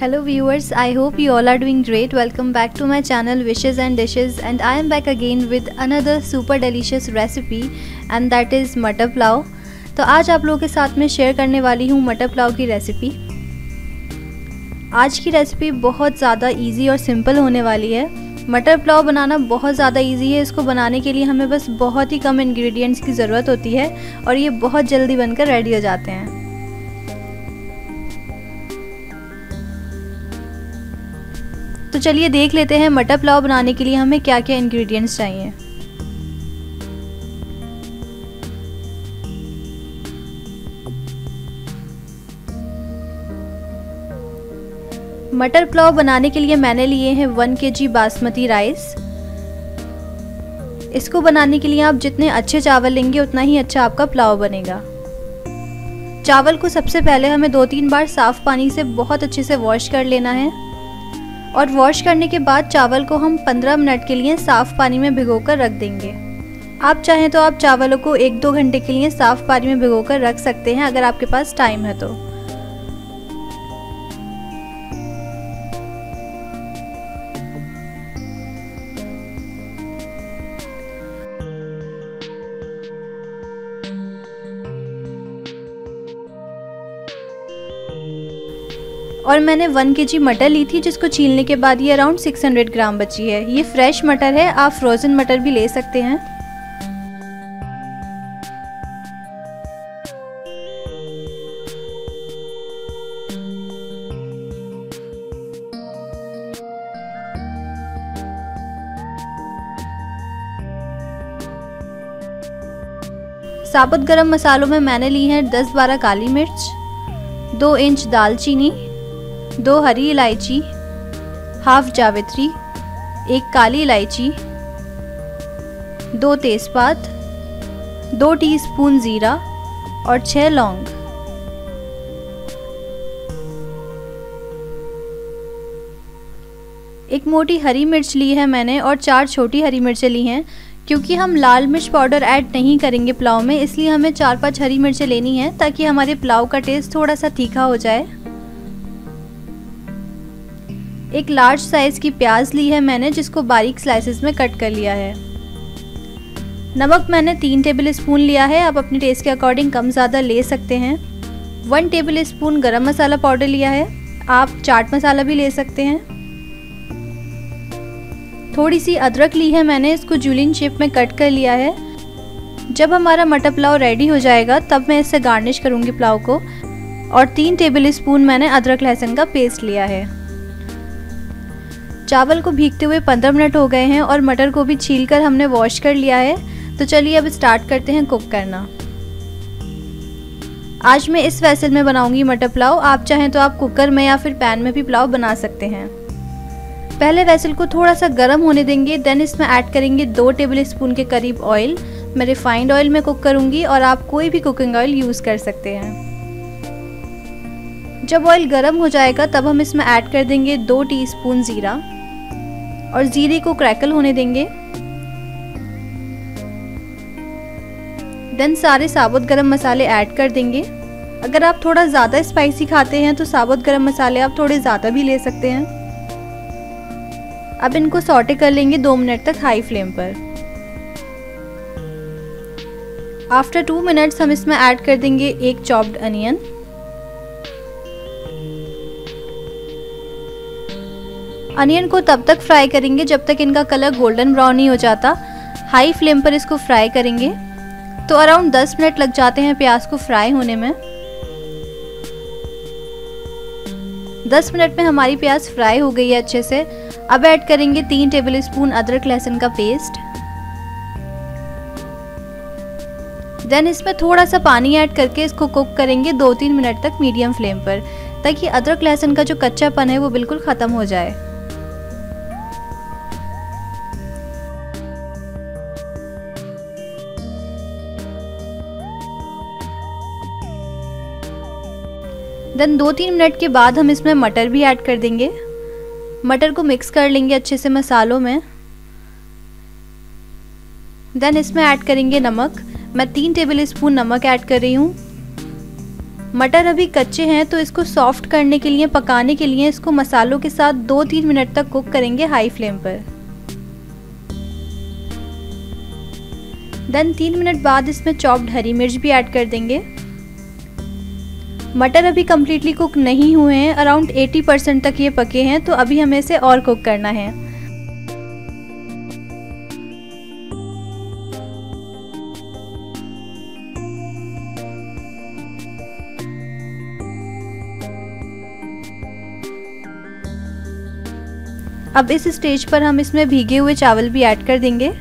Hello viewers I hope you all are doing great welcome back to my channel wishes and dishes and I am back again with another super delicious recipe and that is matar pulao तो आज आप लोगों के साथ में share करने वाली हूँ मटर पुलाव की रेसिपी आज की रेसिपी बहुत ज़्यादा इजी और सिंपल होने वाली है मटर पुलाव बनाना बहुत ज़्यादा इजी है इसको बनाने के लिए हमें बस बहुत ही कम इंग्रेडिएंट्स की ज़रूरत होती है और ये बहुत जल्दी बनकर रेडी हो जाते हैं तो चलिए देख लेते हैं मटर पुलाव बनाने के लिए हमें क्या क्या इंग्रेडिएंट्स चाहिए मटर पुलाव बनाने के लिए मैंने लिए हैं one K G basmati rice इसको बनाने के लिए आप जितने अच्छे चावल लेंगे उतना ही अच्छा आपका पुलाव बनेगा चावल को सबसे पहले हमें दो तीन बार साफ़ पानी से बहुत अच्छे से वॉश कर लेना है और वॉश करने के बाद चावल को हम 15 मिनट के लिए साफ़ पानी में भिगोकर रख देंगे आप चाहें तो आप चावलों को एक दो घंटे के लिए साफ़ पानी में भिगोकर रख सकते हैं अगर आपके पास टाइम है तो और मैंने वन के जी मटर ली थी जिसको छीलने के बाद ये अराउंड 600 ग्राम बची है ये फ्रेश मटर है आप फ्रोज़न मटर भी ले सकते हैं साबुत गरम मसालों में मैंने ली है 10-12 काली मिर्च दो इंच दालचीनी दो हरी इलायची हाफ जावित्री एक काली इलायची दो तेज़पात दो टीस्पून ज़ीरा और छः लौंग एक मोटी हरी मिर्च ली है मैंने और चार छोटी हरी मिर्चें ली हैं क्योंकि हम लाल मिर्च पाउडर ऐड नहीं करेंगे पुलाव में इसलिए हमें चार पांच हरी मिर्चें लेनी हैं ताकि हमारे पुलाव का टेस्ट थोड़ा सा तीखा हो जाए एक लार्ज साइज़ की प्याज ली है मैंने जिसको बारीक स्लाइसेस में कट कर लिया है नमक मैंने तीन टेबल स्पून लिया है आप अपने टेस्ट के अकॉर्डिंग कम ज़्यादा ले सकते हैं one tablespoon garam masala powder लिया है आप चाट मसाला भी ले सकते हैं थोड़ी सी अदरक ली है मैंने इसको जूलिन शेप में कट कर लिया है जब हमारा मटर पुलाव रेडी हो जाएगा तब मैं इससे गार्निश करूँगी पुलाव को और तीन टेबल स्पून मैंने अदरक लहसुन का पेस्ट लिया है चावल को भीगते हुए पंद्रह मिनट हो गए हैं और मटर को भी छील कर हमने वॉश कर लिया है तो चलिए अब स्टार्ट करते हैं कुक करना आज मैं इस वैसल में बनाऊंगी मटर पुलाव आप चाहें तो आप कुकर में या फिर पैन में भी पुलाव बना सकते हैं पहले वैसल को थोड़ा सा गर्म होने देंगे देन इसमें ऐड करेंगे दो टेबल स्पून के करीब ऑयल मैं रिफाइंड ऑयल में कुक करूँगी और आप कोई भी कुकिंग ऑयल यूज़ कर सकते हैं जब ऑयल गर्म हो जाएगा तब हम इसमें ऐड कर देंगे दो टीस्पून ज़ीरा और जीरे को क्रैकल होने देंगे देन सारे साबुत गरम मसाले ऐड कर देंगे अगर आप थोड़ा ज़्यादा स्पाइसी खाते हैं तो साबुत गरम मसाले आप थोड़े ज़्यादा भी ले सकते हैं अब इनको सॉटे कर लेंगे दो मिनट तक हाई फ्लेम पर आफ्टर टू मिनट्स हम इसमें ऐड कर देंगे एक चॉप्ड अनियन अनियन को तब तक फ्राई करेंगे जब तक इनका कलर गोल्डन ब्राउन नहीं हो जाता हाई फ्लेम पर इसको फ्राई करेंगे तो अराउंड 10 मिनट लग जाते हैं प्याज को फ्राई होने में 10 मिनट में हमारी प्याज फ्राई हो गई है अच्छे से अब ऐड करेंगे तीन टेबल स्पून अदरक लहसुन का पेस्ट देन इसमें थोड़ा सा पानी ऐड करके इसको कुक करेंगे दो तीन मिनट तक मीडियम फ्लेम पर ताकि अदरक लहसुन का जो कच्चापन है वो बिल्कुल ख़त्म हो जाए देन दो तीन मिनट के बाद हम इसमें मटर भी ऐड कर देंगे मटर को मिक्स कर लेंगे अच्छे से मसालों में देन इसमें ऐड करेंगे नमक मैं तीन टेबल स्पून नमक ऐड कर रही हूँ मटर अभी कच्चे हैं तो इसको सॉफ्ट करने के लिए पकाने के लिए इसको मसालों के साथ दो तीन मिनट तक कुक करेंगे हाई फ्लेम पर देन तीन मिनट बाद इसमें चॉप्ड हरी मिर्च भी ऐड कर देंगे मटर अभी कम्प्लीटली कुक नहीं हुए हैं अराउंड 80 परसेंट तक ये पके हैं तो अभी हमें इसे और कुक करना है अब इस स्टेज पर हम इसमें भीगे हुए चावल भी ऐड कर देंगे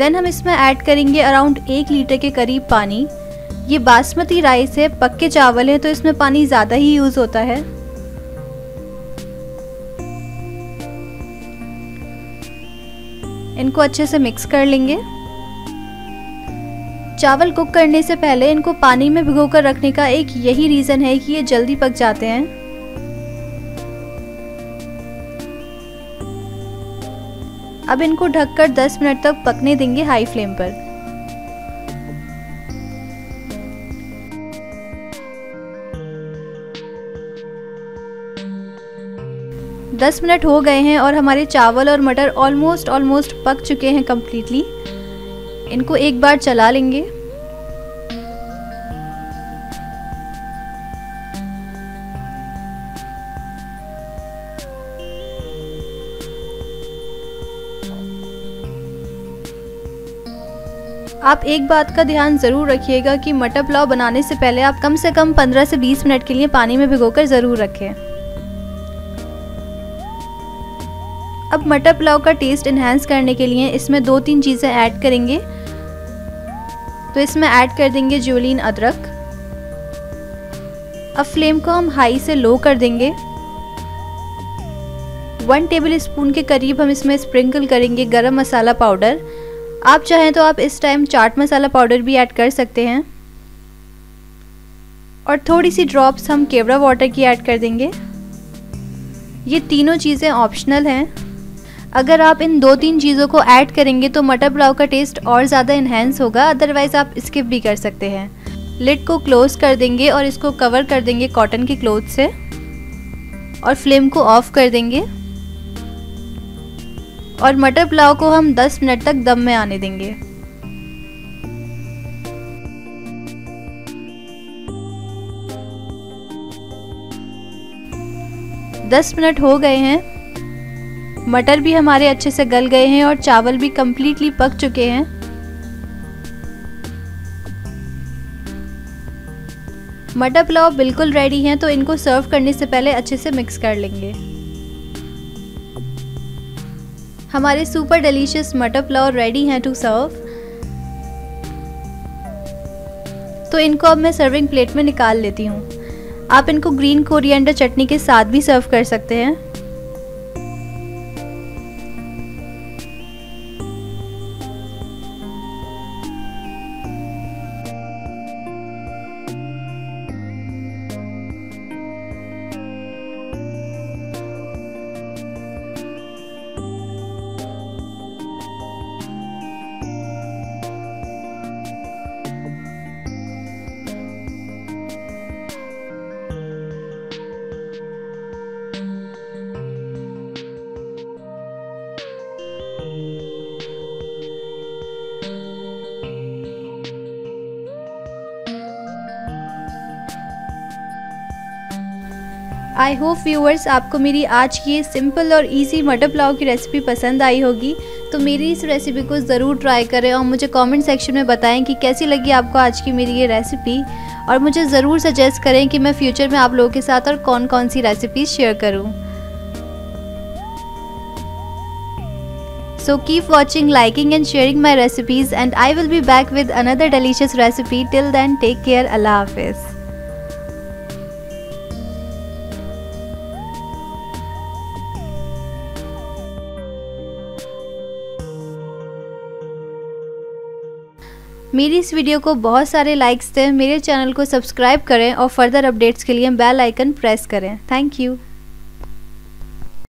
देन हम इसमें ऐड करेंगे अराउंड एक लीटर के करीब पानी ये बासमती राइस है पक्के चावल हैं तो इसमें पानी ज़्यादा ही यूज़ होता है इनको अच्छे से मिक्स कर लेंगे चावल कुक करने से पहले इनको पानी में भिगोकर रखने का एक यही रीज़न है कि ये जल्दी पक जाते हैं अब इनको ढककर 10 मिनट तक पकने देंगे हाई फ्लेम पर दस मिनट हो गए हैं और हमारे चावल और मटर ऑलमोस्ट ऑलमोस्ट पक चुके हैं कम्प्लीटली इनको एक बार चला लेंगे आप एक बात का ध्यान ज़रूर रखिएगा कि मटर पुलाव बनाने से पहले आप कम से कम 15 से 20 मिनट के लिए पानी में भिगोकर ज़रूर रखें अब मटर पुलाव का टेस्ट इन्हेंस करने के लिए इसमें दो तीन चीज़ें ऐड करेंगे तो इसमें ऐड कर देंगे जोलिन अदरक अब फ्लेम को हम हाई से लो कर देंगे वन टेबल स्पून के करीब हम इसमें स्प्रिंकल करेंगे गरम मसाला पाउडर आप चाहें तो आप इस टाइम चाट मसाला पाउडर भी ऐड कर सकते हैं और थोड़ी सी ड्रॉप्स हम केवड़ा वाटर की ऐड कर देंगे ये तीनों चीज़ें ऑप्शनल हैं अगर आप इन दो तीन चीज़ों को ऐड करेंगे तो मटर पुलाव का टेस्ट और ज़्यादा इन्हेंस होगा अदरवाइज़ आप स्किप भी कर सकते हैं लिड को क्लोज़ कर देंगे और इसको कवर कर देंगे कॉटन के क्लोथ से और फ्लेम को ऑफ़ कर देंगे और मटर पुलाव को हम 10 मिनट तक दम में आने देंगे दस मिनट हो गए हैं मटर भी हमारे अच्छे से गल गए हैं और चावल भी कम्प्लीटली पक चुके हैं मटर पुलाव बिल्कुल रेडी हैं तो इनको सर्व करने से पहले अच्छे से मिक्स कर लेंगे हमारे सुपर डिलीशियस मटर पुलाव रेडी हैं टू सर्व तो इनको अब मैं सर्विंग प्लेट में निकाल लेती हूँ आप इनको ग्रीन कोरिएंडर चटनी के साथ भी सर्व कर सकते हैं आई होप व्यूअर्स आपको मेरी आज की सिंपल और इजी मटर पुलाव की रेसिपी पसंद आई होगी तो मेरी इस रेसिपी को ज़रूर ट्राई करें और मुझे कमेंट सेक्शन में बताएं कि कैसी लगी आपको आज की मेरी ये रेसिपी और मुझे ज़रूर सजेस्ट करें कि मैं फ्यूचर में आप लोगों के साथ और कौन कौन सी रेसिपीज शेयर करूँ So keep watching, liking and sharing my recipes and I will be back with another delicious recipe. Till then, take care. Allah Hafiz. मेरी इस वीडियो को बहुत सारे लाइक्स दें मेरे चैनल को सब्सक्राइब करें और फर्दर अपडेट्स के लिए बेल आइकन प्रेस करें थैंक यू